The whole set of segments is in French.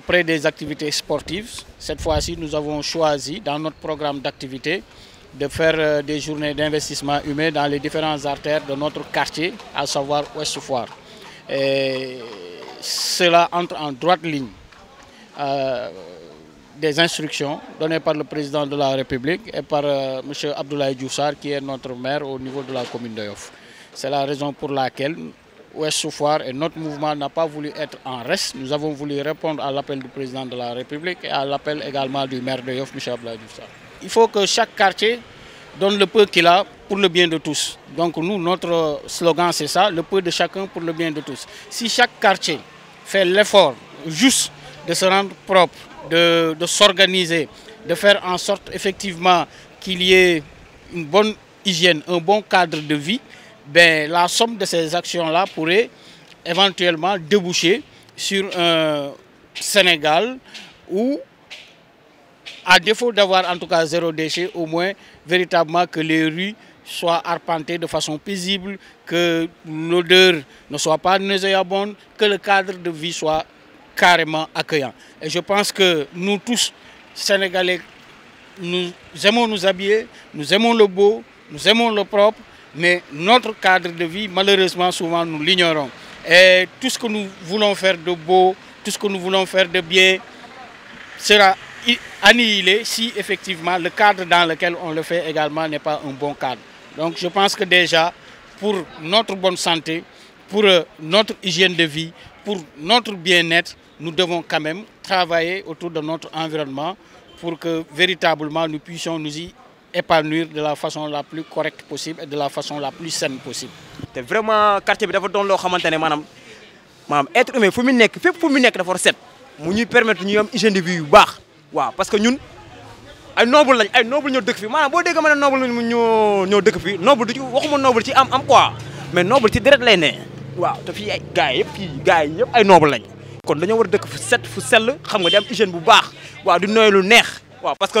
après des activités sportives. Cette fois-ci, nous avons choisi dans notre programme d'activité de faire euh, des journées d'investissement humain dans les différentes artères de notre quartier, à savoir ouest -Foire. cela entre en droite ligne euh, des instructions données par le président de la République et par euh, M. Abdoulaye Djoussar, qui est notre maire au niveau de la commune de C'est la raison pour laquelle Ouest et notre mouvement n'a pas voulu être en reste. Nous avons voulu répondre à l'appel du président de la République et à l'appel également du maire de Yoff, Michel Bladoussa. Il faut que chaque quartier donne le peu qu'il a pour le bien de tous. Donc nous, notre slogan c'est ça, le peu de chacun pour le bien de tous. Si chaque quartier fait l'effort juste de se rendre propre, de, de s'organiser, de faire en sorte effectivement qu'il y ait une bonne hygiène, un bon cadre de vie, ben, la somme de ces actions-là pourrait éventuellement déboucher sur un Sénégal où, à défaut d'avoir en tout cas zéro déchet, au moins véritablement que les rues soient arpentées de façon paisible, que l'odeur ne soit pas nauséabonde, que le cadre de vie soit carrément accueillant. Et je pense que nous tous, Sénégalais, nous aimons nous habiller, nous aimons le beau, nous aimons le propre, mais notre cadre de vie, malheureusement, souvent, nous l'ignorons. Et tout ce que nous voulons faire de beau, tout ce que nous voulons faire de bien, sera annihilé si effectivement le cadre dans lequel on le fait également n'est pas un bon cadre. Donc je pense que déjà, pour notre bonne santé, pour euh, notre hygiène de vie, pour notre bien-être, nous devons quand même travailler autour de notre environnement pour que véritablement nous puissions nous y épanouir de la façon la plus correcte possible et de la façon la plus saine possible. C'est vraiment quartier bi dafa doon loo xamante ne être humain fu mu nekk fépp fu mu nekk dafa war set mu ñuy permettre ñu am hygiène de vie yu baax parce que ñun ay noble lañ ay noble ñoo dëkk fi manam bo dégg mané noble ñu ñoo ñoo dëkk fi noble du ci waxuma noble ci am am quoi mais noble ci direct lay né waaw te fi ay gars yépp fii gars yi ay noble lañ kon dañu war a dëkk fu set fu sel xam nga di am hygiène bu baax waaw di noy lu neex waaw parce que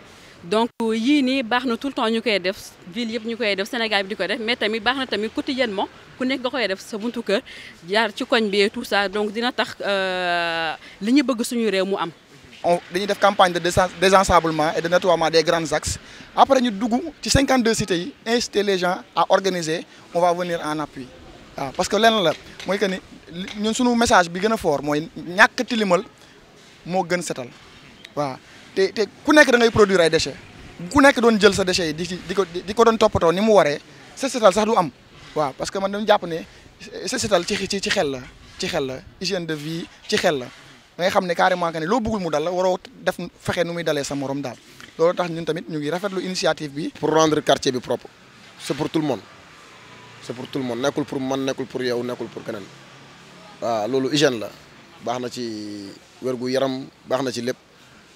donc yii nii tout le temps nous koy def ville nous ñu def Sénégal bi di def mais tamit baax na quotidiennement ku nekk nga koy def sa buntu kër jaar ci koñ bi et tout ça donc dina tax euh, li ñu bëgg suñu réew mu am. on dañuy def campagne de désensablement et de nettoyage des grands axes après ñu dugg ci 52 cités yi inciter les gens à organiser on va venir en appui ah, parce que là, la mooy que ni ñun suñu message bi gën a fort mooy ñàkk tilimal moo gën setal waaw. te te ku nekk da ngay produire ay déchets ku nekk doon jël sa déchets yi di di ko di doon toppatoo ni mu waree set setal sax du am waaw parce que man dañu jàpp ne set setal ci ci ci xel la ci xel la hygiène de vie ci xel la da ngay xam ne carrément que ne loo bëggul mu dal la waroo def fexe nu muy dalee sa morom daal loolu tax ñun tamit ñu ngi rafetlu initiative bi. pour rendre quartier bi propre c'est pour tout le monde c'est pour tout le monde nekkul pour man nekkul pour yow nekkul pour keneen loolu hygiène la baax na ci wér gu yaram baax na ci lépp.